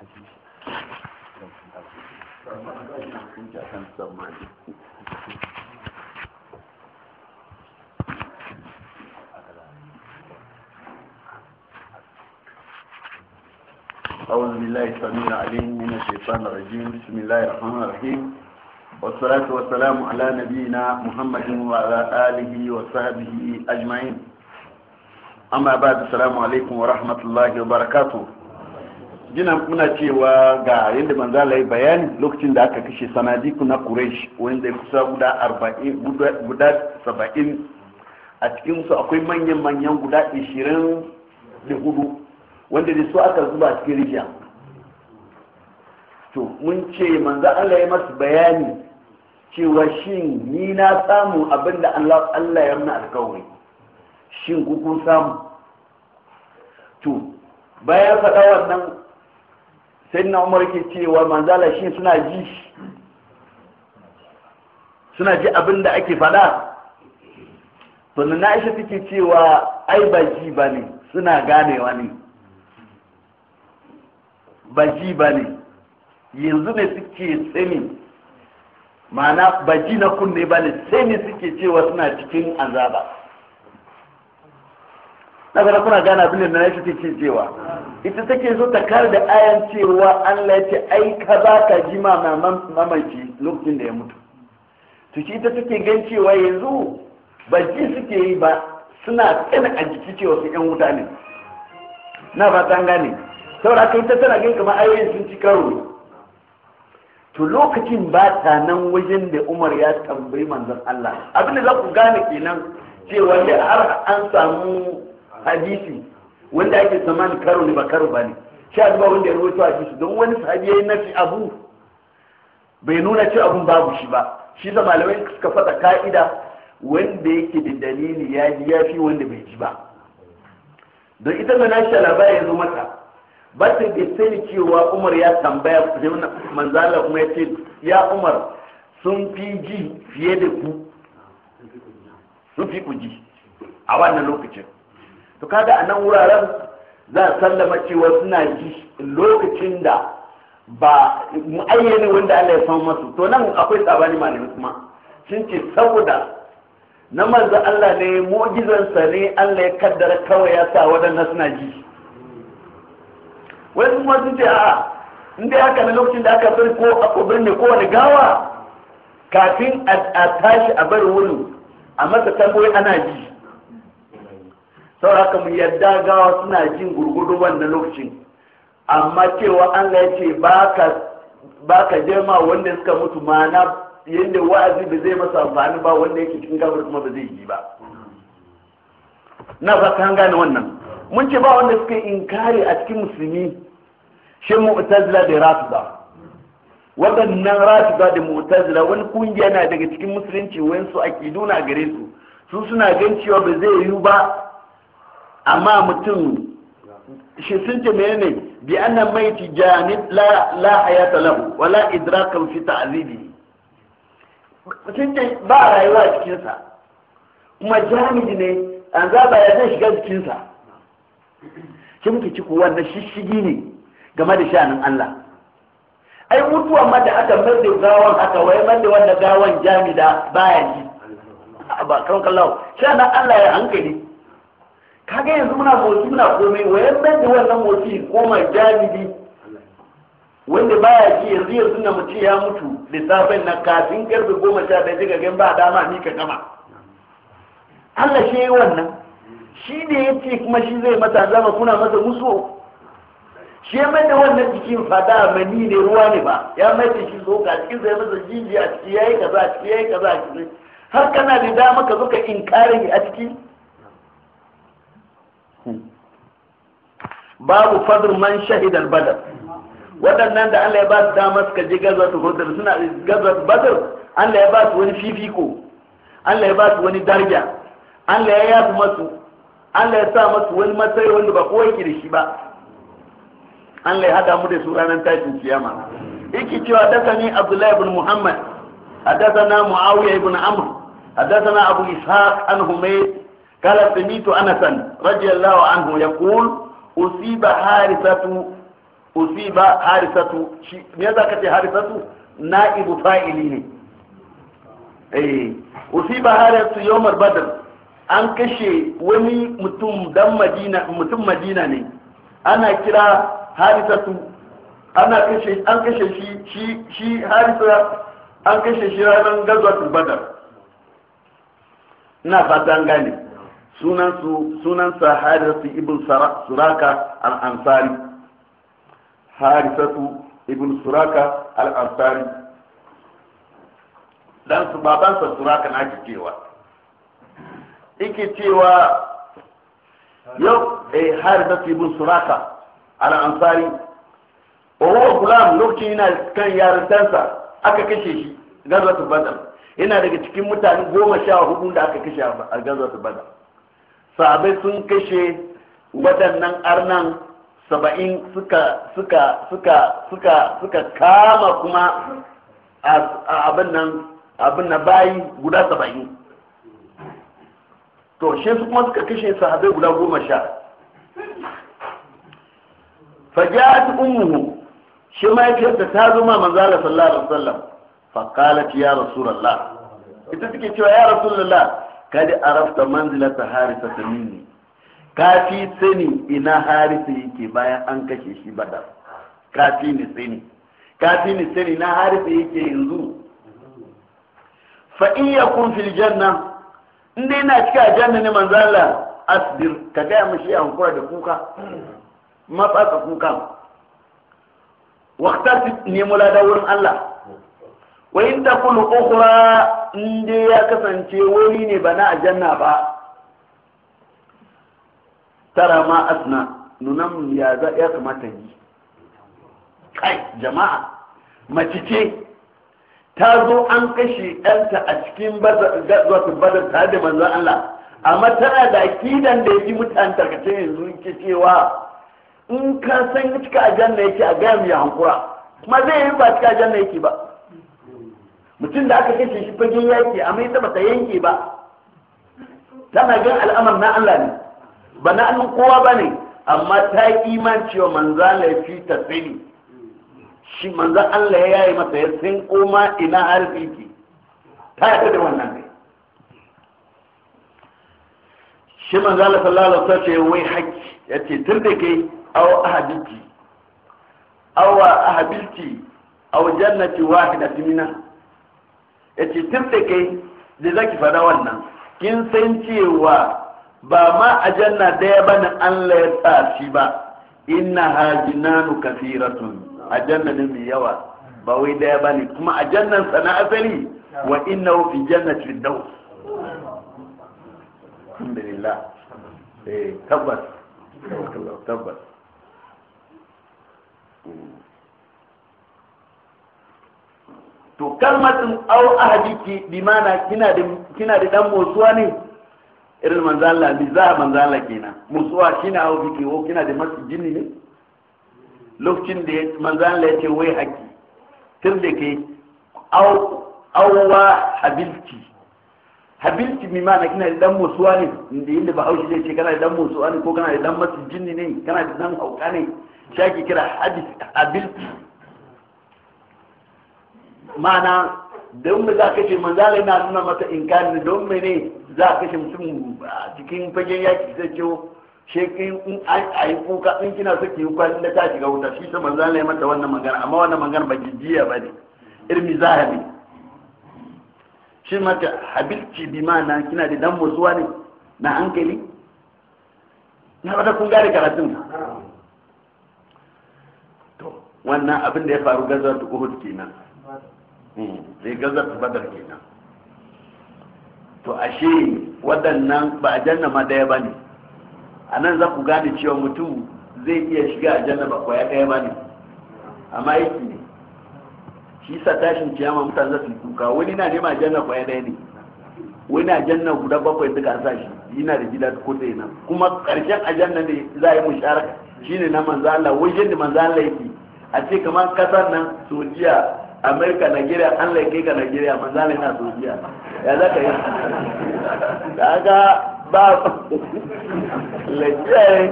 أعوذ بالله السميع العليم من الشيطان الرجيم بسم الله الرحمن الرحيم والصلاة والسلام على نبينا محمد وعلى آله وصحبه أجمعين أما بعد السلام عليكم ورحمة الله وبركاته jina muna cewa ga yadda manzala ya bayani lokacin da aka kashe sanadiku na Quraysh wanda ya kusa guda arba'in guda saba'in a cikin su akwai manyan manyan guda ishirin da hudu wanda da su aka zuba a cikin rijiya to mun ce manzo Allah ya masu bayani cewa shin ni na samu abinda Allah ya muna alkawari shin ku kun samu to bayan faɗa wannan sai na umar ke cewa manzala shi suna ji suna ji abin da ake faɗa to na aisha take cewa ai ba ji ba ne suna ganewa ne ba ji ba ne yanzu ne suke tsini ma'ana ba ji na kunne ba ne sai ne suke cewa suna cikin azaba na ga kuna gana abin da na yi take cewa ita take so ta kare da ayan cewa Allah ya ce ai ka ba ka ji ma mamaki lokacin da ya mutu to shi ita take gan cewa yanzu ba ji suke yi ba suna tsina a jiki cewa su yan wuta ne na ba ta gane saboda kai ta tana gan kamar ayoyin sun ci karo to lokacin ba ta nan wajen da Umar ya tambayi manzon Allah abin da za ku gane kenan cewa da har an samu hadisi wanda ake zaman karo ne ba karo ba ne sha duba wanda ya rubuta hadisi don wani sahabi ya yi nafi abu bai nuna cewa abun babu shi ba shi da malamai suka fata ka'ida wanda yake da dalili ya ji ya fi wanda bai ji ba don ita da nashi labari ya zo mata ba ta da sani cewa umar ya tambaya manzala kuma ya ce ya umar sun fi ji fiye da ku sun fi ku ji a wannan lokacin to kaga a nan wuraren za a sallama cewa suna ji lokacin da ba mu'ayyani wanda Allah ya san masu to nan akwai tsabani malami kuma sun ce saboda na manzo Allah ne mu'jizansa ne Allah ya kaddara kawai ya sa waɗannan suna ji wai kuma sun ce a, in dai haka na lokacin da aka bari ko a birni ko wani gawa kafin a tashi a bar wurin a masa tambayoyi ana ji haka mu yadda gawa suna jin gurgudu wannan lokacin amma cewa an ya ce ba ka jema wanda suka mutu mana yadda wa'azi ba zai masa amfani ba wanda yake cikin gabar kuma ba zai yi ba na fata an gane wannan mun ce ba wanda suka inkari a cikin musulmi shi mu'tazila da rafida waɗannan rafida da mu'tazila wani kungiya na daga cikin musulunci wayansu akidu na gare su su suna gan cewa ba zai yiwu ba amma mutum shi sun ce menene bi annan maiti janib la la hayata lahu wala idrakan fi ta'zibi mutum ce ba rayuwa a cikin sa kuma janib ne an za ba ya zai shiga cikin sa shi muke ci kuwa na shishigi ne game da shanin Allah ai mutuwa ma da aka mai da gawan aka wai mai da wanda gawan jami'a baya ji ba kan kallahu shanin Allah ya hankali kaga yanzu muna motsi muna komai wayan nan da wannan motsi koma jalibi wanda baya ji yanzu yanzu na mace ya mutu lissafin na kafin karfe goma sha ɗaya daga gan ba dama ni ka gama Allah shi yi wannan shi ne ya ce kuma shi zai mata zama kuna masa musu shi ya mai da wannan jikin fada mani ne ruwa ne ba ya mai da shi so ka cikin sai masa jijiya a ciki yi kaza a ciki yi kaza a ciki har kana da dama ka zo ka inkari a ciki babu fadr man shahid al-badr waɗannan da Allah ya ba su dama suka je gazwatu Uhud suna gazwatu Badr Allah ya ba su wani fifiko Allah ya ba su wani darja Allah ya yafi masu Allah ya sa masu wani matsayi wanda ba kowa yake da shi ba Allah ya hada mu da su ranar tashin kiyama yake cewa ni Abdullahi ibn Muhammad حدثنا معاوية بن عمرو حدثنا أبو إسحاق عن هميد قال سميت أنسا رضي الله عنه يقول usiba harisatu usiba harisatu shi me yasa kace harisatu na'ibu fa'ili ne eh usiba harisatu yawmar badr an kashe wani mutum dan madina mutum madina ne ana kira harisatu ana kashe an kashe shi shi shi harisa an kashe shi ranar gazwatul badar na fata an gane sunansa harisatu ibn suraka al-ansari harisatu ibn suraka al dan su babansa suraka na ake cewa ike cewa yau eh harisatu ibn suraka al-ansari wa gulam lokacin yana kan yarintansa aka kashe shi gazwatu badar yana daga cikin mutane goma sha hudu da aka kashe a gazwatu badar sahabai sun kashe waɗannan arnan saba'in suka suka suka suka suka kama kuma a abin nan abin na bayi guda saba'in to shi su kuma suka kashe sahabai guda goma sha fajiyar ummuhu shi mahaifiyarta ta zama ma manzala sallallahu alaihi wasallam faqalat ya rasulullah ita take cewa ya rasulullah a arafta manzilata harisa ta minni kafi sani ina harisa yake bayan an kashe shi badar kafi ni sani kafi ni sani na harisa yake yanzu fa in kun fil janna inda na cika janna ne manzala asbir ka gaya mu shi hankura da kuka ka kuka waktar ni mulada wurin Allah wa in ta kulu ukhra in dai ya kasance wuri ne ba na aljanna ba tara ma asna nunan ya za ya kamata yi kai jama'a mace ce ta zo an kashe ɗanta a cikin zuwa badar tare da manzo Allah amma tana da kidan da yake mutane tarkace yanzu ke cewa in ka san cika aljanna yake a gaya mai hankura kuma zai yi ba cika aljanna yake ba mutum da aka kashe shi fagen yaki mai ita ta yanke ba tana gan al'amar na Allah ne ba na annun kowa ba ne amma ta yi iman cewa manza laifi ta tsini shi manzan Allah ya yi masa ya sin koma ina harfi ke ta yi da wannan ne shi manza Allah sallallahu alaihi wasallam ce wai haƙƙi ya ce tun da ke awa ahabiki aw ahadiki aw jannati wahidatin minna ya ce tun da kai da zaki fada wannan kin san cewa ba ma a janna daya ba na Allah ya tsashi ba inna hajinanu kafiratun a janna ne mai yawa ba wai daya ba ne kuma a jannan sana asali wa inna fi jannati firdaus alhamdulillah eh tabbas tabbas to kalmatin au ahadiki bi mana kina da kina da dan motsuwa ne irin manzo Allah bi za manzo Allah kenan motsuwa shine au biki ko kina da masu ne lokacin da manzo Allah ya ce wai haki tun da ke au awwa habilti habilti bi mana kina da dan motsuwa ne inda inda ba haushi zai ce kana da dan motsuwa ne ko kana da dan masu ne kana da dan hauka ne shaki kira hadis habilti mana don me za ka ce manzala yana nuna mata kani don me ne za ka kashe mutum a cikin fagen yaki zai ce she in a yi kuka in kina so ki yi da ta shiga wuta shi ta manzala ya mata wannan magana amma wannan magana ba jijiya ba ne irmi zahabi shi mata habilci bi ma'ana kina da dan motsuwa ne na hankali na wata kun gari karatun to wannan abin da ya faru gazar da uhud kenan Hmm. sai gazar badar kenan to ashe waɗannan ba ajanna ma ɗaya ba ne a nan za ku gane cewa mutum zai iya shiga ajanna ba kwaya ɗaya ba ne amma aiki ne shi sa tashin ciyama mutane za su kuka wani na nema ajanna kwaya ɗaya ne wani ajanna guda bakwai duka sa shi yana da gida ko ta nan kuma ƙarshen ajanna ne za a yi musharaka ne na manzala wajen da manzala Allah yake a ce kamar kasar nan sojiya. amerika nigeria an laike ka nigeria manzana yana saudiya ya za ka yi kaga ba laike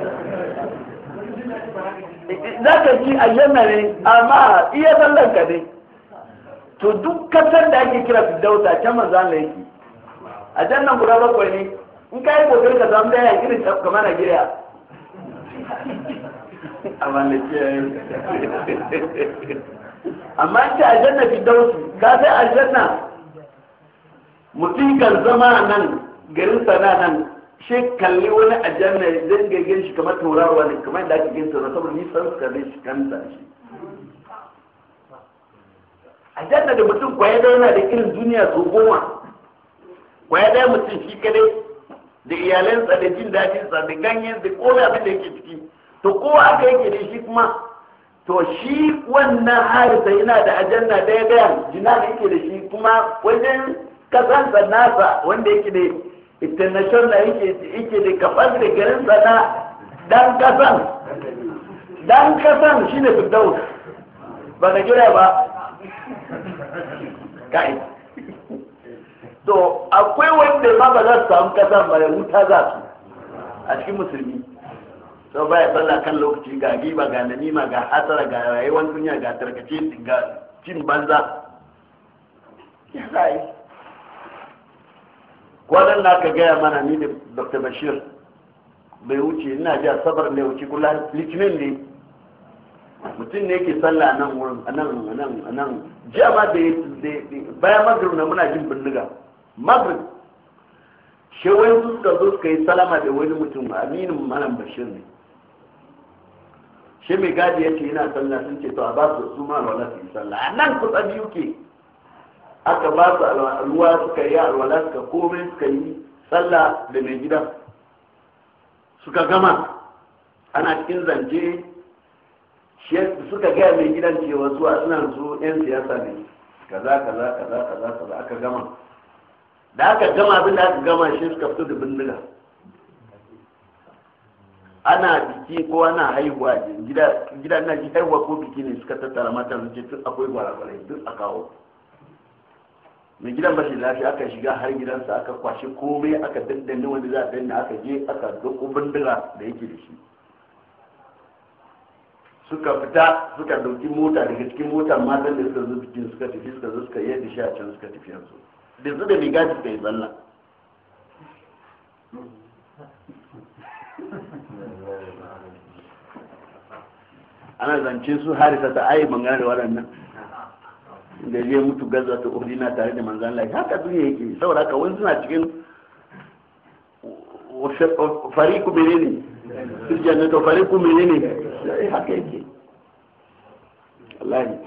za ka ji ayyana ne amma iya sallan ka ne to duk kasar da ake kira fidauta can zan laike a nan guda bakwai ne in ka yi kokarin ka samu daya irin kamar nigeria amma laike amma in ce aljanna fi dausu ka sai aljanna mutum kan zama nan garin sana nan shi kalli wani aljanna zai gaggen shi kamar taurawa ne kamar da ake gina na saboda nisan su kare shi kan shi aljanna da mutum kwaya da yana da irin duniya su goma kwaya ɗaya mutum shi kare da iyalansa da jin daɗinsa da ganyen da kowai abin da yake ciki to kowa aka yake da shi kuma to shi wannan harisa yana da ajanna daya daya jina da yake da shi kuma wajen kasansa nasa wanda yake da international yake da kafar da garin sana dan kasan dan kasan shine firdaus ba ka jira ba kai to akwai wanda ma ba za su samu kasan ba wuta za su a cikin musulmi sau baya sallah kan lokaci ga giba ga namima ga hasara ga rayuwar duniya ga tarkace ga cin banza ya zai kwanan na ka gaya mana ni da dr bashir bai wuce ina ji sabar mai wuce kula litinin ne mutum ne ke sallah nan wurin nan nan nan jiya ma da bayan magrib na muna jin bindiga magrib shi wani suka zo suka yi salama da wani mutum aminin malam bashir ne shi mai gadi ya ce yana sallah sun ce to a ba su su ma alwala su yi sallah a nan kusa biyu ke aka ba su alwala suka yi alwala suka komai suka yi sallah da mai gidan suka gama ana cikin zance suka gaya mai gidan cewa su a suna su yan siyasa ne kaza kaza kaza kaza kaza aka gama da aka gama abin da aka gama shi suka fito da bindiga ana biki ko ana haihuwa gida gida na ji haihuwa ko biki ne suka tattara mata sun ce tun akwai gwalagwalai duk a kawo mai gidan bashi lafiya aka shiga har gidansa aka kwashe komai aka dandanne wanda za a danna aka je aka doko bindira da yake da shi suka fita suka dauki mota daga cikin mota matan da suka zo bikin suka tafi suka zo suka yadda shi a can suka tafi yanzu da su da mai gaji bai yi zalla ana zance su harisa ta ayi magana da waɗannan da zai mutu gaza ta na tare da manzan lai haka duniya yake saboda haka wani suna cikin fariku menene su to fariku menene haka yake wallahi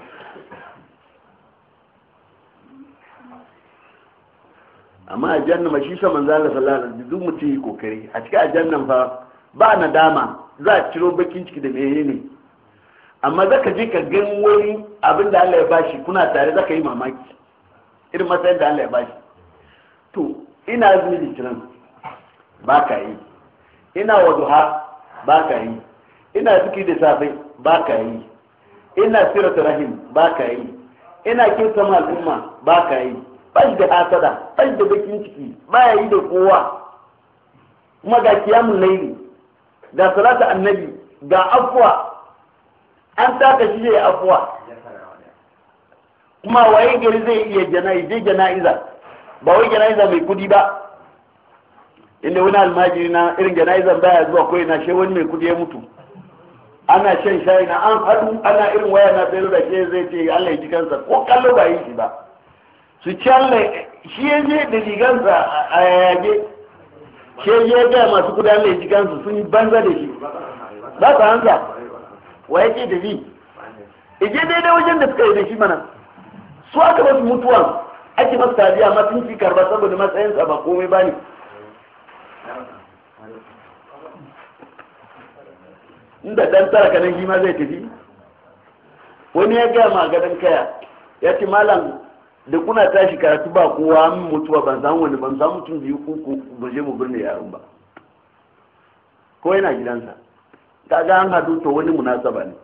amma a jannama shi sa manzo Allah sallallahu alaihi duk mutu yi kokari a cikin ajannan fa ba nadama za a ciro bakin ciki da menene amma zaka je ka gan wani abin da Allah ya bashi kuna tare zaka yi mamaki irin matsayin da Allah ya bashi to ina azumi litinin ba ka yi ina waduha ba ka yi ina suki da safe ba ka yi ina sirata rahim ba ka yi ina kinsa al'umma ba ka yi ban da hasada ban da bakin ciki ba ya yi da kowa kuma ga kiyamun laili ga salata annabi ga afuwa an saka shi zai afuwa kuma waye gari zai iya jana'iza jana'iza ba wai jana'iza mai kudi ba inda wani almajiri na irin jana'izan baya zuwa ko ina shi wani mai kudi ya mutu ana shan shayi na an haɗu ana irin waya na tsaye da shi zai ce Allah ya ji kansa ko kallo ba yi shi ba su canza shi ya je da jigansa a yayage shi ya je gaya masu kudi Allah ya ji kansa sun banza da shi ba ta hanza wa yake da bi ije daidai wajen da suka yi da shi mana su aka basu mutuwa ake masu tariya ma sun ci karba saboda matsayinsa ba komai ba ne inda dan tara ka nan ma zai tafi wani ya gaya ma gadon kaya ya ce malam da kuna tashi karatu ba kowa min mutuwa ban samu wani ban samu mutum biyu ko ba je mu birni yaron ba ko yana gidansa kaga an hadu to wani munasaba ne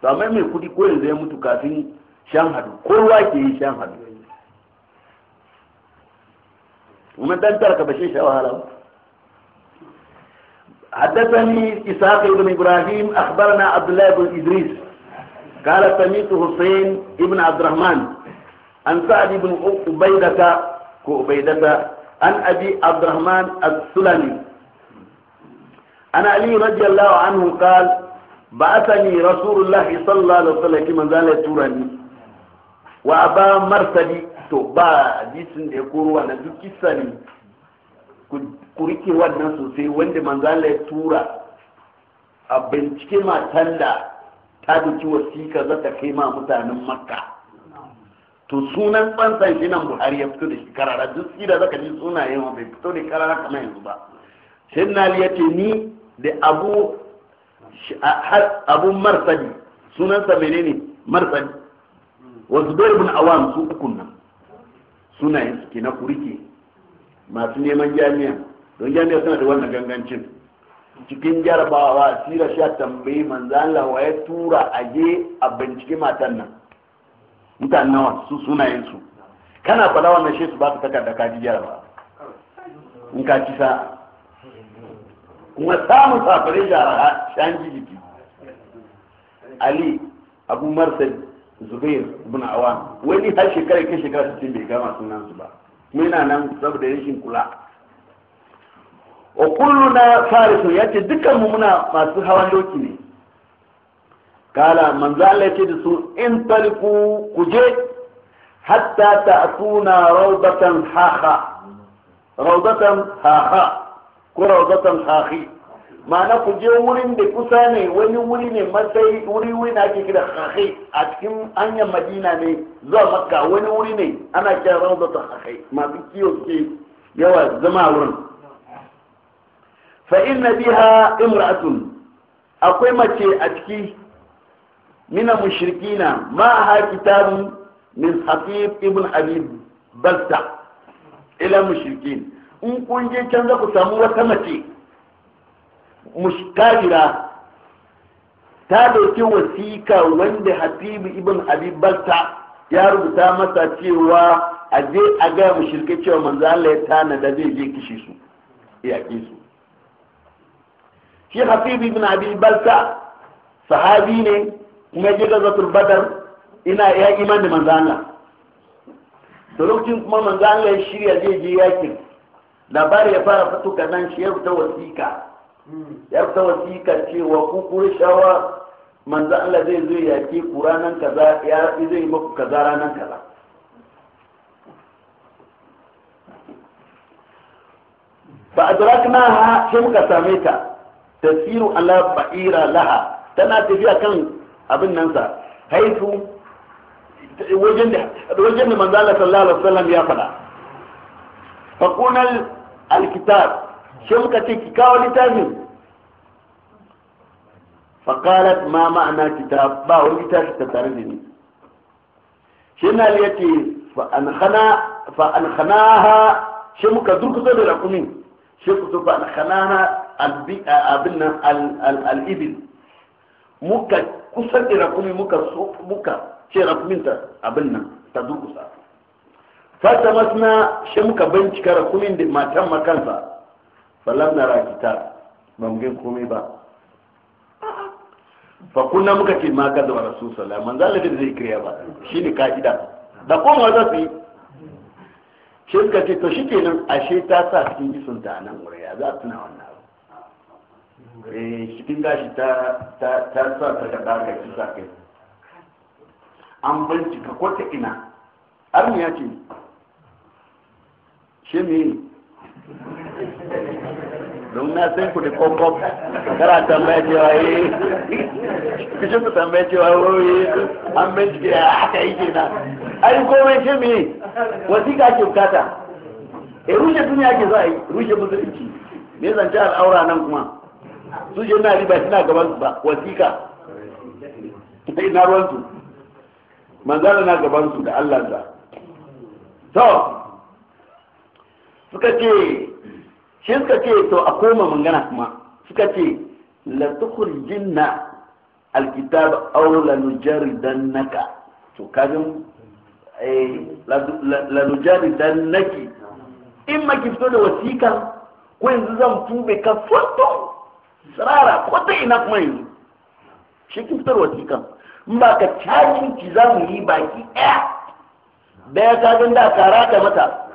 to amma mai kudi ko yanzu ya mutu kafin shan hadu kowa ke yi shan hadu kuma dan tarka ba shi shawara ba حدثني إسحاق بن إبراهيم أخبرنا عبد الله بن إدريس قال سمعت حسين بن عبد الرحمن عن سعد بن عبيدة كعبيدة عن أبي عبد الرحمن السلمي ana aliyu radiyallahu anhu qal ba'athani rasulullahi sallallahu alaihi wasallam kiman zalla turani wa aba marsadi to ba hadisin da ya koro wannan duk kissa ne ku rike wannan sosai wanda manzala ya tura a bincike matan da ta duki wasiƙa za kai ma mutanen makka to sunan tsantsan buhari ya fito da shi karara duk sida za ka ji bai fito da karara kamar yanzu ba sai na ya ce ni da abu abu marsadi sunansa menene marsadi wa zubair ibn awam su uku nan sunayen su na kurike masu neman jami'a don jami'a suna da wannan gangancin cikin jarabawa sira sha tambayi manzo Allah wa ya tura aje a bincike matan nan mutanen nawa su sunayen su kana fada wannan shi su ba su takarda ka ji jarabawa in ka ci sa'a kuma samun safarai da shan jiki ali abu marsal zubair ibn awan wani har shekara kai shekara sittin bai gama sunan su ba muna nan saboda rashin kula wa kullu na farisun ya ce dukkan mu muna masu hawan doki ne kala manzo Allah ya ce da su in taliku kuje hatta ta'tuna rawdatan haha rawdatan haha Kura rawzatan haƙi, ma'ana ku je wurin da kusa ne wani wuri ne matsayi wuri wuri na ake kira akhi a cikin hanyar madina ne zuwa makka wani wuri ne ana kira rawzatan haƙi masu kiyo ke yawa zama wurin fa inna biha imra'atun akwai mace a ciki mina mushrikina ma ha kitabun min hafif ibn abi balta ila mushrikin in kun je can za ku samu wata mace mushkajira ta dauki wasika wanda habibu ibn Balta ya rubuta masa cewa a je a gaya shirke cewa manzo Allah ya tanada zai je kishi su yaƙe su shi habibu ibn balta sahabi ne kuma ya je zatul badar ina ya imani manzo Allah da lokacin kuma manzo Allah ya shirya zai je yakin labari ya fara fito ga nan shi ya fita wasiƙa ya fita wasiƙa cewa ku shawa manzo Allah zai zo ke ku ranan kaza ya zai yi muku kaza ranan kaza fa ha shi muka same ta tasiru ala ba'ira laha tana tafiya kan abin nan sa haifu wajen da wajen da manzo Allah sallallahu alaihi wasallam ya faɗa fa kunal alkitab shi muka ce ki kawo littafin faƙalat ma ma'ana kitab ba wani littafi ta tare da ni shi na ya ce fa'anhanaha shi muka durkusa da rakumin shi kusa fa'anhanaha abin nan al'ibil muka kusa da rakumin muka ce rakumin ta abin nan ta durkusa fata masna shi muka bincika rakumin da matan makansa falam na rakita ba mu komai ba fa kunna muka ce ma ka zama rasu sallah man zalla da zai kiriya ba shi ne ka'ida da kuma za su yi shi suka ce to shikenan ashe ta sa cikin jisun ta nan wuri ya za su na wannan abu eh cikin gashi ta ta ta sa ta ga daga ki sa kai an bincika ko ta ina armiya ce shi me don na san ku da kokop kana tambaya cewa yi kishin ku tambaya cewa yi an bincike a yi yake na ai komai shi me wasiƙa ke bukata e rushe duniya ke za a yi rushe musulunci me zance al'aura nan kuma su je na riba suna gaban su ba wasiƙa ina su manzala na gaban su da allah to suka ce shi suka ce to a koma mangana kuma suka ce la tukhrijinna alkitab aw la naka, to kajin eh la naki, in ma ki fito da wasika ko yanzu zan tube ka foto sarara ko ta ina kuma yanzu shi ki da wasika in ba ka cajin ki za mu yi baki ɗaya Da ya da kara ka mata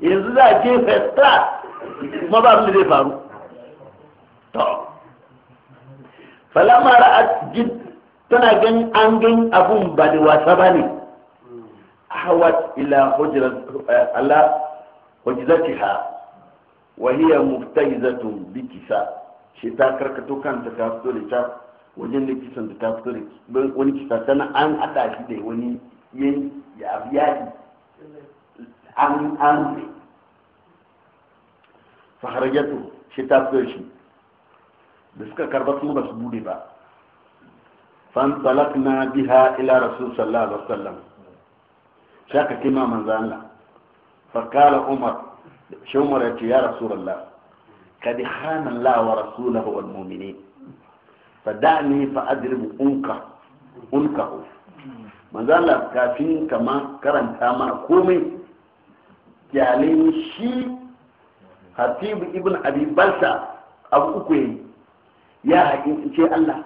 yanzu za a ce festa kuma ba su zai faru to falama ra'a jid tana gan an gan abun ba da wasa ba ne ahwat ila hujrat ala hujratiha wa hiya muftahizatun bi kisa shi ta karkato kanta ta fito da ta wajen da kisan da ta fito da wani kisa tana an hada shi da wani yin ya an an faharjatu shi ta fito shi da suka karba kuma ba su bude ba fantalakna biha ila rasul sallallahu alaihi wasallam shaka kima manzo Allah fakala umar shi umar ya ce ya rasulullah kad khana Allah wa rasulahu wal mu'minin fadani fa adribu unka unkahu manzo Allah kafin kama karanta mana komai kyale shi hatibu ibn abi balsa abu uku yi ya ce Allah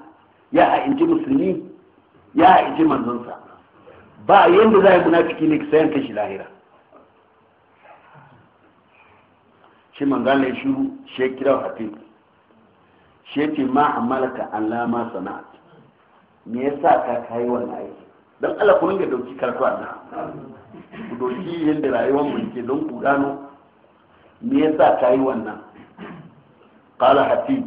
ya haƙince musulmi ya haƙince manzonsa ba yadda za a yi munafiki ne sayan kashi lahira shi lahira. ya shuru shi ya kira shi ce ma amalaka an lama sana'at me yasa ka kayi wannan aiki don Allah ku ringa dauki karatu Allah ku dauki yadda rayuwar mu ke don ku gano me yasa kai wannan qala hatib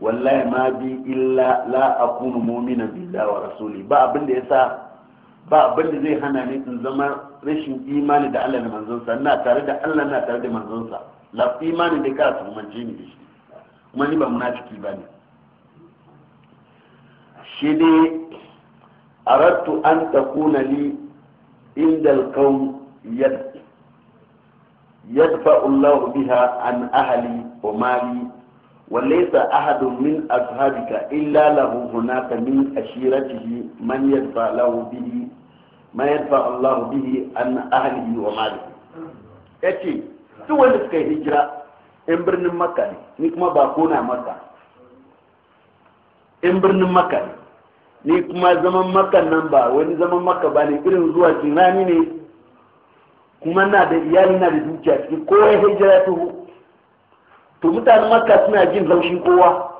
wallahi ma bi illa la akunu mu'mina billahi wa rasuli ba abin da yasa ba abin da zai hana ni in zama rashin imani da Allah da manzonsa ina tare da Allah ina tare da manzonsa la imani da ka tumance ni shi kuma ni ba munafiki bane shi dai arattu an takuna li inda alqawm yad yadfa Allah biha an ahli wa mali وليس أحد من أصحابك إلا له هناك من أشيرته من يدفع له به ما يدفع الله به عن أهله وماله يأتي سوى لك hijira, in birnin makka ne ni kuma ba kona makka in birnin makka ne ni kuma zaman maka nan ba wani zaman maka ba ne irin zuwa kinani ne kuma na da iyali na da dukiya ciki ko ya hijira tuhu to mutanen maka suna jin laushin kowa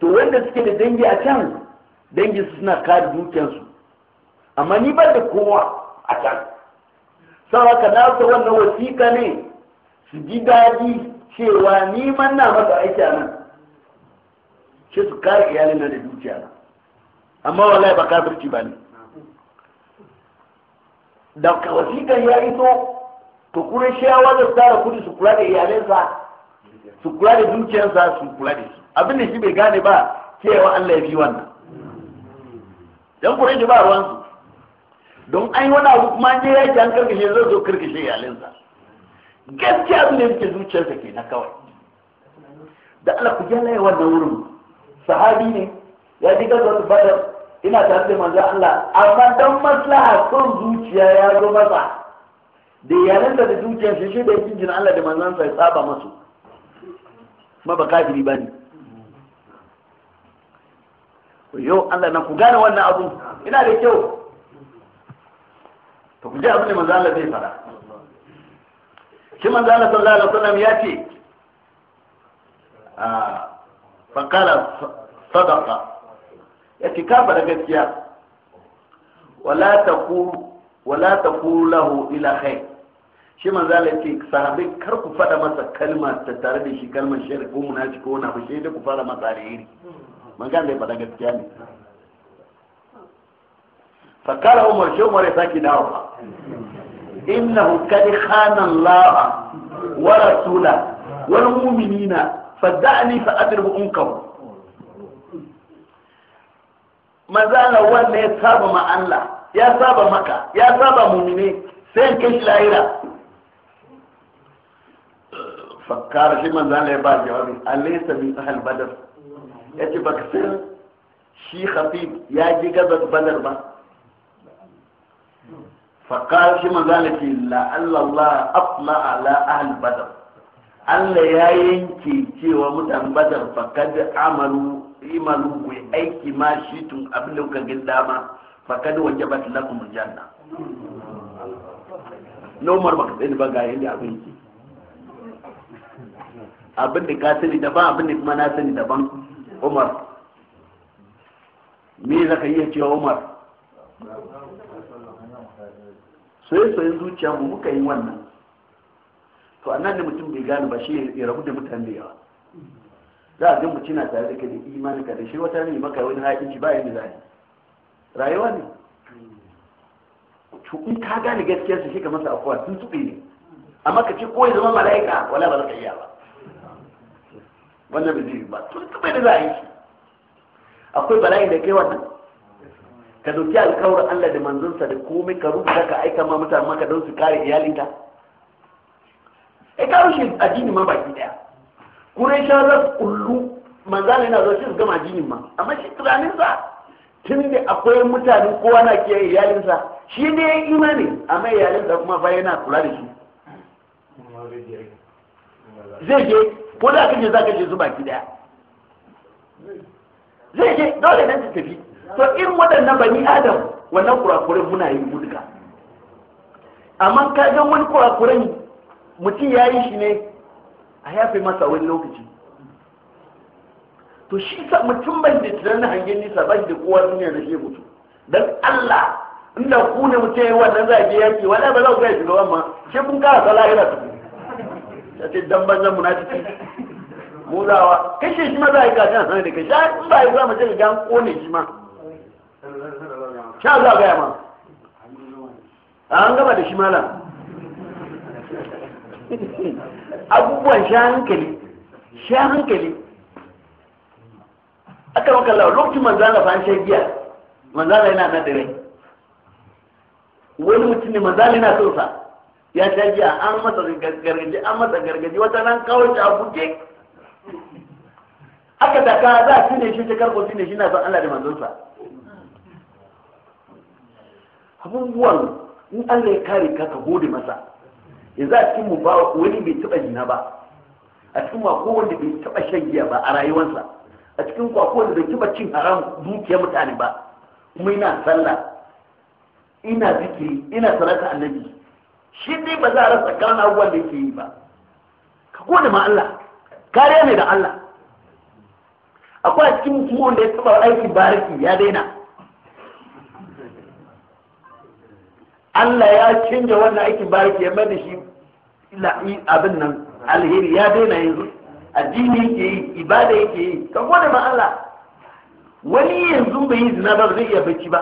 to wanda suke da dangi a can dangi su suna kare dukiyansu amma ni ba da kowa a can sau haka na sa wannan wasiƙa ne su ji daɗi cewa ni man na masa aiki a nan shi su kare iyalin na da dukiya na amma wallahi ba kafirci ba ne da wasiƙan ya iso to kuma shawa da tsara kudi su kula da iyalansa su kula da dukiyarsa su kula da shi abin da shi bai gane ba cewa Allah ya fi wannan dan kure shi ba su don an yi wani abu kuma an je yaki an karkashe zai zo karkashe iyalansa gaskiya abin da yake zuciyarsa ke na kawai da Allah ku ya wannan wurin sahabi ne ya ji gaza badar ina tare da manzo Allah amma dan maslaha son zuciya ya zo masa da yaran da da zuciya shi shi da yakin jin Allah da manzon sa ya saba masu ma ba kafiri bane yau Allah na ku gane wannan abu ina da kyau to ku ji abin da manzo Allah zai fara shi manzo Allah sallallahu alaihi wasallam ya ce a ah, fakala sadaqa ya ce ka faɗa gaskiya wala ta ku lahu ila kai shi man zala ce sahabi kar ku faɗa masa kalma ta tare da shi kalmar shari ko munafi ko wani abu shi da ku fara masa alheri magana zai faɗa gaskiya ne fakara umar shi umar ya sake dawo ba innahu kad khana Allah wa rasula wani mu'minina ni fa adribu unkahu manzala wanda ya saba ma Allah ya saba maka ya saba mumine sai kai shi lahira fakkar shi manzala ya ba jawabi alaysa min ahl badar yace baka san shi khafif ya ji gaba badar ba fakkar shi ki la alla Allah afla ala ahl badar Allah ya yanke cewa mutan badar fakad amalu imanu ku aiki ma shi tun abin da kuka gin dama fa kada waje ba ta lakum janna nomar baka sani ba ga yadda abin ki abin da ka sani daban abin da kuma na sani daban umar me za ka iya cewa umar soyayyen zuciya mu muka yi wannan to annan da mutum bai gane ba shi ya rabu da mutane da yawa za a ga cina tare da ka da imanin ka da shi wata ne maka wani haƙinci ba yadda zai rayuwa ne in ka gane gaskiyar su shi ka masa afuwa sun tuɓe ne amma ka ce koyi zama mala'ika wala ba za ka iya ba wannan bai zai ba sun tuɓe da za a yi shi akwai balayin da kai wannan ka dauki alkawar Allah da manzonsa da komai ka rubuta ka aika ma mutane maka don su kare iyalinka ai ka rushe addini ma baki daya kuresha za su kullu manzana yana zuwa shi su gama jinin ma amma shi tunaninsa tun da akwai mutane kowa na kiyaye iyalinsa shi ne ya yi imani amma iyalinsa kuma fa yana kula da shi zai je ko da kaje za ka je zuba ki daya zai je dole nan ta tafi to irin waɗannan bani adam wannan kurakuren muna yi mutuka amma ka wani kurakuren mutum ya yi shi ne a yafe masa wani lokaci to shi sa mutum bai da tunanin hangen nisa ba da kowa duniya da shi mutu don Allah inda ku ne mutum ya yi wannan zage yaki wala ba za ku gaya shugaban ma shi kun kara sala yana su ta ce dan banzan munafiki muzawa kashe shi ma za a yi kashin sanar da kai shi ba yi zama mace ga an kone shi ma sha za a gaya ma an gaba da shi malam abubuwan sha hankali sha hankali aka maka lau lokacin manzana fa an sha giya manzana yana nan dare. wani mutum ne manzana yana son sa ya sha giya an masa gargaji an masa gargaji wata nan kawai ta buke aka daka za a cinye shi ta karko cinye shi na son Allah da manzon sa. abubuwan in Allah ya kare ka ka gode masa yanzu a cikin mu ba wani bai taba jina ba a cikin wa ko wanda bai taba shan giya ba a rayuwarsa a cikin kwa ko wanda bai taba cin haram dukiyar mutane ba kuma ina sallah ina zikiri ina salata annabi shi dai ba za a rasa kana abubuwan da yake yi ba ka kone ma Allah kariya ne da Allah akwai a cikin kuma wanda ya taba aikin bariki ya daina Allah ya canja wannan aikin ba ya mai da shi abin nan alheri ya daina yanzu addini yake yi ibada yake yi ka gode ma Allah wani yanzu bai yi zina ba ba zai iya bacci ba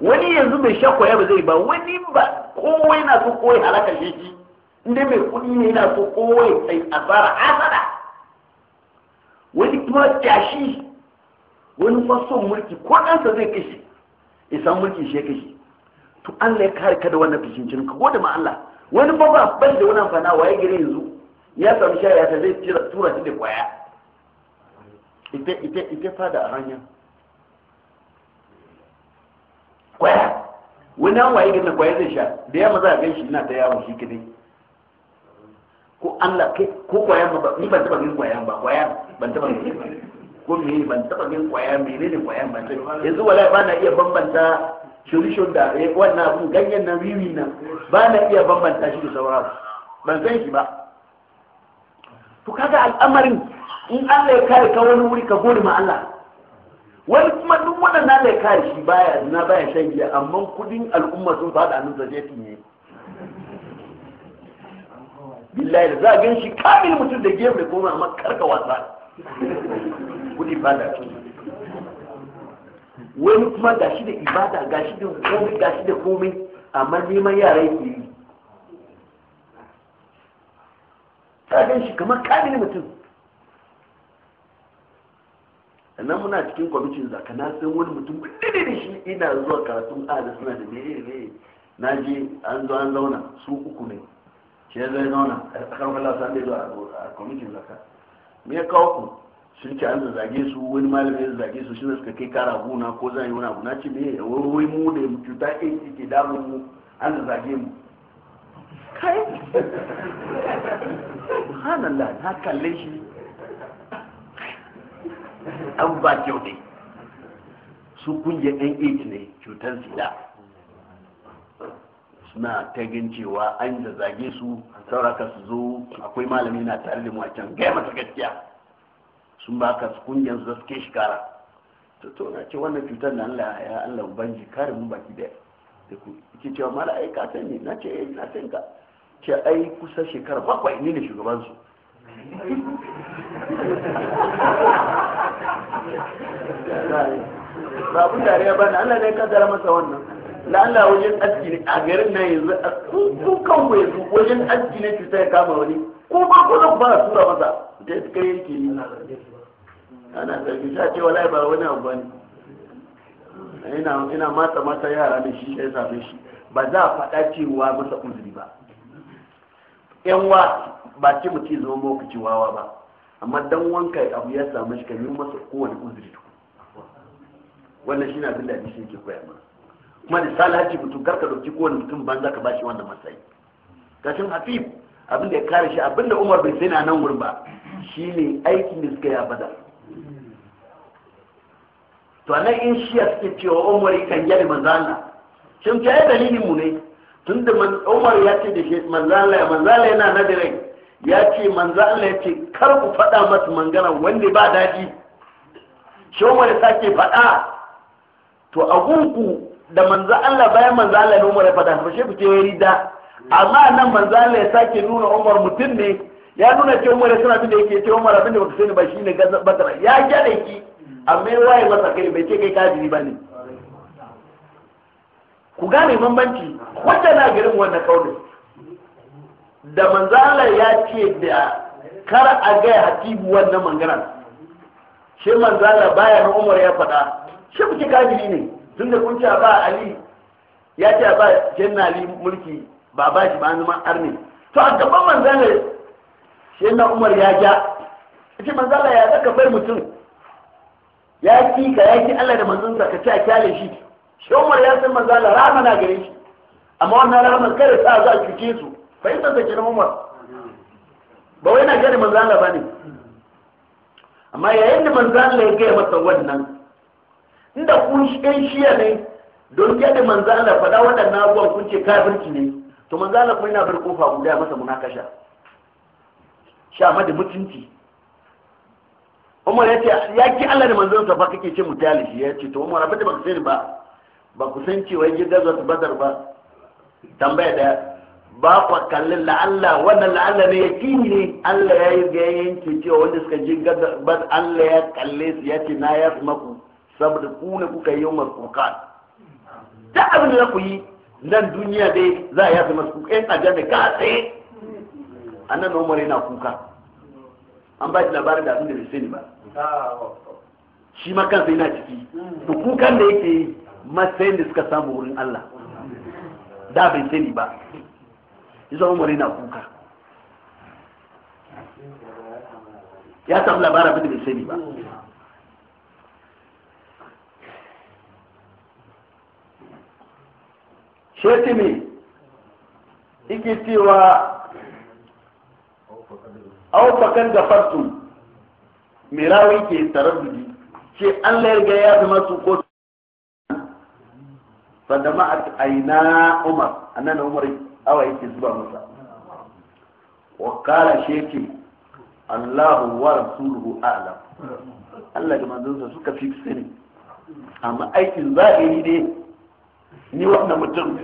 wani yanzu bai sha koya ba zai ba wani ba kowai na so kowai halaka shi shi inda mai kuɗi ne na so kowai sai asara asara wani kuma tashi wani fason mulki ko ɗansa zai kashe isan mulki shi ya kashe to Allah ya kare ka da wannan bikincin ka gode ma Allah wani ba ba da wani amfana ya gire yanzu ya samu shaya ta zai tira tura shi da kwaya ita ita ita fada a hanya kwaya wani an waye gina kwaya zai sha da yamma za a gan shi ina ta yawo shi kadai ko Allah kai ko kwaya, ba ni ban taba gani kwaya ba kwaya ban taba kwaya. ko me ban taba gani kwayan menene kwaya ban taba yanzu wallahi ba na iya bambanta solution da ya wannan abu ganyen nan wiwi nan ba na iya bambanta shi da sauran ban san shi ba to kaga al'amarin in Allah ya kare ka wani wuri ka gode ma Allah wani kuma duk wannan na ya kare shi baya na baya shan giya amma kudin al'umma sun fada nan zaje zai ne billahi da za a gan shi kamil mutum da gefe goma amma karka wasa kudi fada wani kuma gashi da ibada gashi da komai gashi da komai amma neman yara yake yi T'a gan shi kamar ne mutum sannan muna cikin kwamitin zaka na san wani mutum ɗin da shi ina zuwa karatun ala suna da mene ne na je an zo an zauna su uku ne shi ya zai zauna a karfin lasa ne zuwa a kwamitin zaka me ya kawo ku Sun ce an zage su wani malami ya zage su shi suka kai kara guna ko zan yi wani abu na ce me wai mu da cuta aiki ke damun mu an zage mu kai subhanallah na kalle shi an ba kyau ne su kungiyar ɗan aiki ne cutar sida suna tagin cewa an da zage su sauraka su zo akwai malami na tare da mu a can gaya masa gaskiya sun baka kungiyar su da suke shi kara to to na ce wannan cutar na Allah ya Allah ubangi kare mu baki da da ku ki cewa mala ai ka san ni na ce eh na san ka ce ai kusa shekara bakwai ne ne shugaban su babu dariya ba na Allah ne ka dara masa wannan la Allah wajen aski ne a garin nan yanzu ku kan yanzu wajen aski ne cuta ya kama wani ko ba ku ba tura masa da kai yake yi ana zargi sha ce wallahi ba wani abu bane ina ina mata mata yara ne shi ya same shi ba za a faɗa cewa masa uzuri ba yan wa ba ce mu ce zama mokaci wawa ba amma dan wanka abu ya samu shi kamar masa kowane uzuri wannan shi na abin da shi yake koya mana kuma da salaci mutum karka dauki kowane mutum banza ka bashi wannan matsayi kashin hafif abin da ya kare shi abin da umar bai sai na nan wurin ba shine aikin da suka yi a badar to anan in shi a suke cewa umar kan gyara manzo Allah shin ta dalilin mu ne tunda umar ya ce da shi manzo Allah ya manzo Allah yana nadirin ya ce manzo Allah ya ce kar ku faɗa masa mangana wanda ba daji? shi umar ya sake faɗa to a gunku da manzo Allah bayan manzo Allah ne umar ya faɗa ba shi fice ya rida amma nan manzo Allah ya sake nuna umar mutum ne ya nuna ce mara suna abin da yake cewa mara abin da baka sani ba shine bakara ya gyara ki amma ya waye masa kai bai ce kai kajiri ba ne ku gane bambanci wanda na garin wannan kaulin da manzala ya ce da kar a gaya hatibu wannan mangana shi manzala bayan umar ya faɗa shi kuke kajiri ne tun da kun ce ba ali ya ce ba janna ali mulki ba ba shi ba zama arni to a gaban manzala shi na umar ya ja ce manzala ya zaka bar mutum ya ki ka ya ki Allah da manzon ka ci a kyale shi shi umar ya san manzala rama na gare shi amma wannan rahama kada sa za a cuce su fa san zaka umar ba wai na gane manzala ne. amma yayin da manzala ya gaya masa wannan inda kun shi shiya ne don gane manzala faɗa waɗannan abubuwan kun ce kafirci ne to manzala kuma yana bar kofa guda masa munakasha shama da mutunci umar ya ce ya ki Allah da manzon sa fa kake ce mu shi ya ce to umar abin da baka sani ba ba ku san cewa ya gaza su badar ba tambaya da ba ku kallin la'alla wannan la'alla ne yakini ne Allah ya yi gayen ke cewa wanda suka je gaza ba Allah ya kalle su ya ce na ya fi maku saboda ku ne kuka yi umar kuka duk abin da za ku yi nan duniya dai za a yafi masu kuka yan ajiyar da ka tsaye annan umar yana kuka an ba shi labari da abin da bai sani ba shi ma kansa yana ciki da kukan da yake matsayin da suka samu wurin Allah da bai sani ba isa umar yana kuka ya samu labari abin da bai sani ba shi ya ce me ike cewa aw fakan gafartu mirawi ke taraddudi ce Allah ya riga ya zama su ko fadama'at aina Umar annan Umar awa ke zuba masa wa kala sheki Allahu wa rasuluhu a'lam Allah da manzonsa suka fi sani amma aikin zahiri ne ni wannan mutum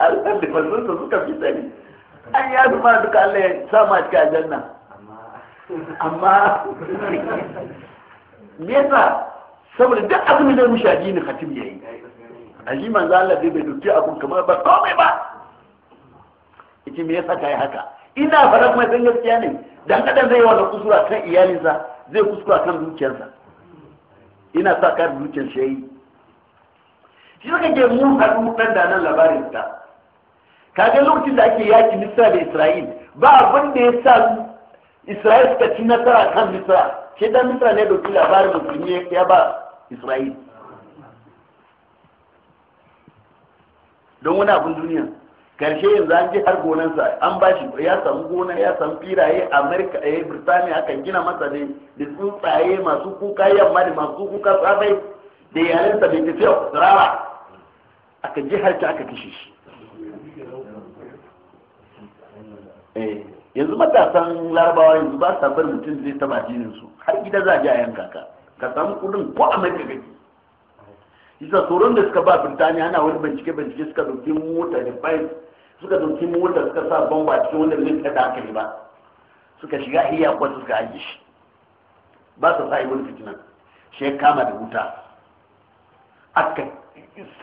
alƙar da manzonsa suka fi sani an ya zama duka Allah ya sama cikin aljanna amma me yasa saboda duk abin da mushi addini khatim yayi aji manzo Allah dai bai dauki abun kamar ba komai ba yace me yasa kai haka ina fara kuma san gaskiya ne dan kadan zai wala kusura kan iyalinsa zai kusura kan zuciyarsa ina sa kar zuciyar shi yayi shi suka ke mu haɗu ɗan da nan labarin ta kaga lokacin da ake yaki misra da isra'il ba abin da ya sa isra'il suka ci nasara kan misra ke dan misra ne dauki labarin musulmi ya ba isra'il don wani abin duniya karshe yanzu an je har gonansa an ba shi ya samu gona ya samu firaye amerika a eh, birtaniya akan gina masa da tsuntsaye masu kuka yamma da masu kuka tsafai da yalinsa bai tafiya kusurawa aka je har aka kashe shi yanzu matasan larabawa yanzu ba sa bar mutum zai taba jinin su har gida za a ji a yanka ka ka samu kudin ko a mai kake isa tsoron da suka ba birtaniya ana wani bincike bincike suka dauki mota da bayan suka dauki mota suka sa bomba cikin wanda zai kada aka yi ba suka shiga iya kwata suka aje shi ba su sa wani fitina shi ya kama da wuta aka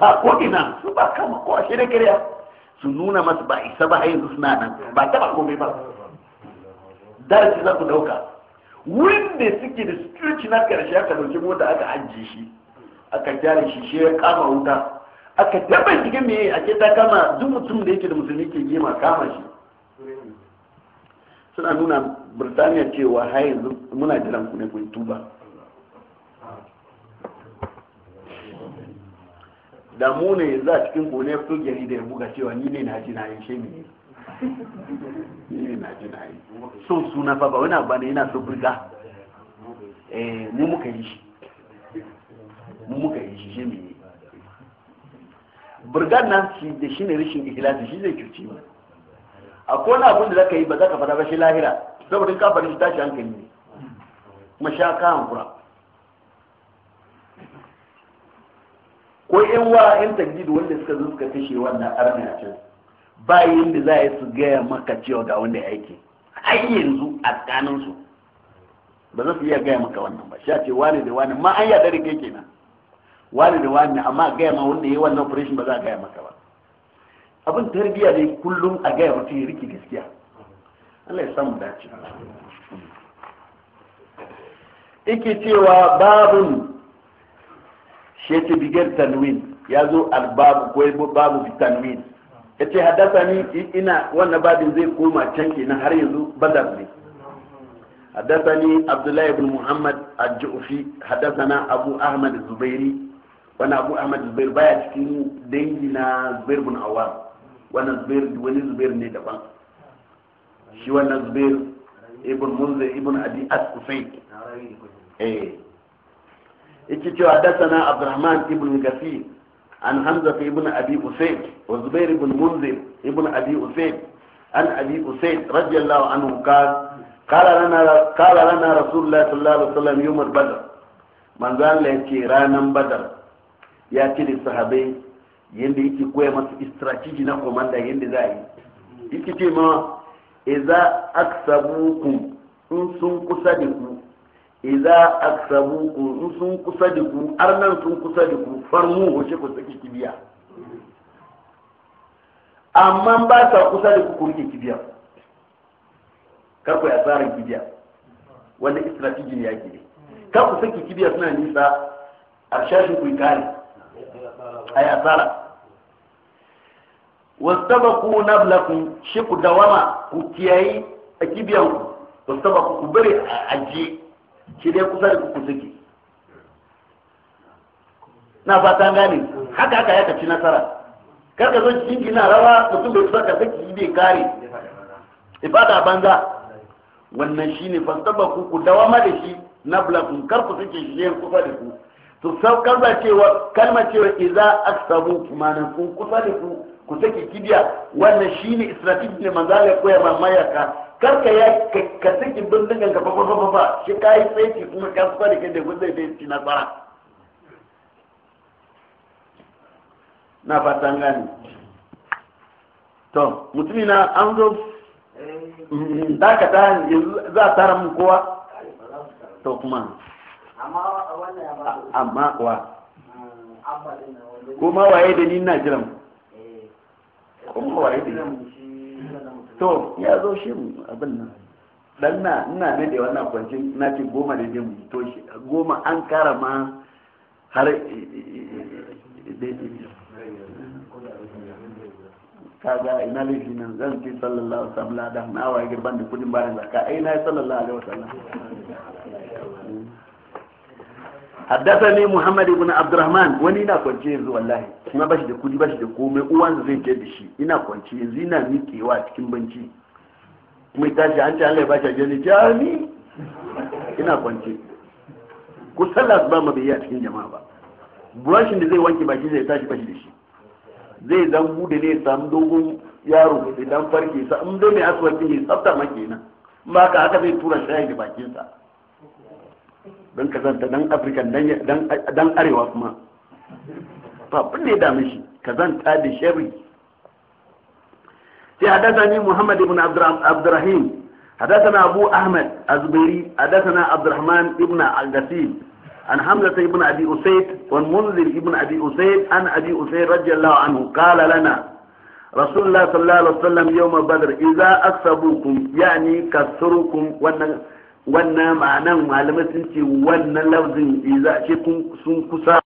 sa ko ina su ba kama ko a shi da kariya su nuna masu ba isa ba yanzu suna nan ba taba komai ba darasi za ku dauka wanda suke da security na karshe aka dauki mota aka ajiye shi aka gyara shi shi ya kama wuta aka taba shiga me a ce ta kama duk mutum da yake da musulmi ke gima kama shi suna nuna birtaniya cewa har yanzu muna jiran ku ne ku tuba da mu ne za a cikin kone ya ku gari da ya buga cewa ni ne na ji na yin shemi ne so suna fa ba wani abu ne yana so burga eh mu muka yi shi mu muka yi shi shi mu yi nan shi da shi ne rashin ikhlasi shi zai cuci mu akwai wani abin da zaka yi ba zaka fada ba shi lahira saboda in ka fara shi tashi hankali ne kuma sha ka hankura ko in wa in tajidu wanda suka zo suka kashe wannan arna a can ba yadda za a su gaya maka cewa ga wanda ya aiki har yanzu a tsakaninsu ba za su iya gaya maka wannan ba sha ce wani da wani ma an yada rike kenan wani da wani amma gaya ma wanda ya yi wannan operation ba za a gaya maka ba abin tarbiyya ne kullum a gaya mutu ya riki gaskiya Allah ya samu dace ike cewa babun shi ce bigar tanwin ya zo albabu ko babu tanwin yace ni ina wannan babin zai koma can kenan har yanzu badar ne حدثني عبد الله بن محمد الجعفي na Abu Ahmad zubairi wani Abu Ahmad zubairi baya cikin na Zubair bin Awam wannan Zubair wani Zubair ne daban shi wannan Zubair ibn Munzir ibn Abi As-Sufay eh yake cewa na Abdurrahman ibn Gasir عن حمزة ابن أبي أسيد وزبير بن منذر ابن أبي أسيد عن أبي أسيد رضي الله عنه قال قال لنا قال لنا رسول الله صلى الله عليه وسلم يوم البدر من قال لك رانا بدر يا كل الصحابي yadda yake koya masu istrategi na komanda yadda za a yi yake ce ma iza aksabukum in aksabu ku sun kusa da ku arnan sun kusa da ku farmu hoce ku saki kibiya amma ba sa kusa da ku ku rike kibiya kar ku asaran kibiya wanda strategy ne yake ne ka ku saki kibiya suna nisa a shashin ku kare ay asara wastabaku nablakum shi ku dawama ku kiyayi a kibiyan ku wastabaku ku bari a ajiye shi dai kusa da kuku suke na fata gane haka haka ya kaci nasara karka zo cikin gina rawa mutum bai kusa ka saki bai kare ibada banza wannan shine fasaba kuku ku dawama da shi na blakun karku suke shi ne kusa da ku to saukar da cewa kalmar cewa iza aksabu kuma nan kun kusa da ku ku saki kibiya wannan shine istrategi ne manzo Allah ya koyar ma mayaka kar ka ya ka saki bindigan ka fafa fafa fa shi ka yi tsaiki kuma ka fara kai da gudai da yi nasara na fatan gani to mutumi na an zo mm-hmm. dakata yanzu za a tara mu kowa to kuma amma wa mm, kuma waye da ni na jiran eh. kuma waye da ni to ya zo shi abin nan dan na ina ne da wannan kwancin na ce goma da jin to shi goma an kara ma har eh, eh, eh, kaga ina laifi nan zan ce sallallahu alaihi wasallam na wa girban da kudin bayan zakka ai na sallallahu alaihi wasallam haddathani muhammad ibn abdurrahman wani ina kwance yanzu wallahi kuma bashi da kudi bashi da komai uwan zai je da shi ina kwance yanzu ina miƙewa cikin banci kuma ce an ce Allah ya bashi ajiyar jami ina kwance ku sallah ba ma bai yi a cikin jama'a ba burashin da zai wanke baki zai tashi bashi da shi zai zan bude ne samu dogon yaro idan farke sa in dai mai asibiti ne tsafta ma kenan ba ka haka zai tura shayi da bakinsa don kazanta don afirka don arewa kuma babban ne da mishi kazanta da shari sai hadasani muhammad ibn abdurrahim حدثنا أبو أحمد الزبيري حدثنا عبد الرحمن ابن الغسيل عن حمزة ابن أبي أسيد والمنذر ابن أبي أسيد عن أبي أسيد رضي الله عنه قال لنا رسول الله صلى الله عليه وسلم يوم بدر إذا أكسبوكم يعني كسركم وأن wannan ma'anan malamai sun ce wannan lafzin eh, shi sun kusa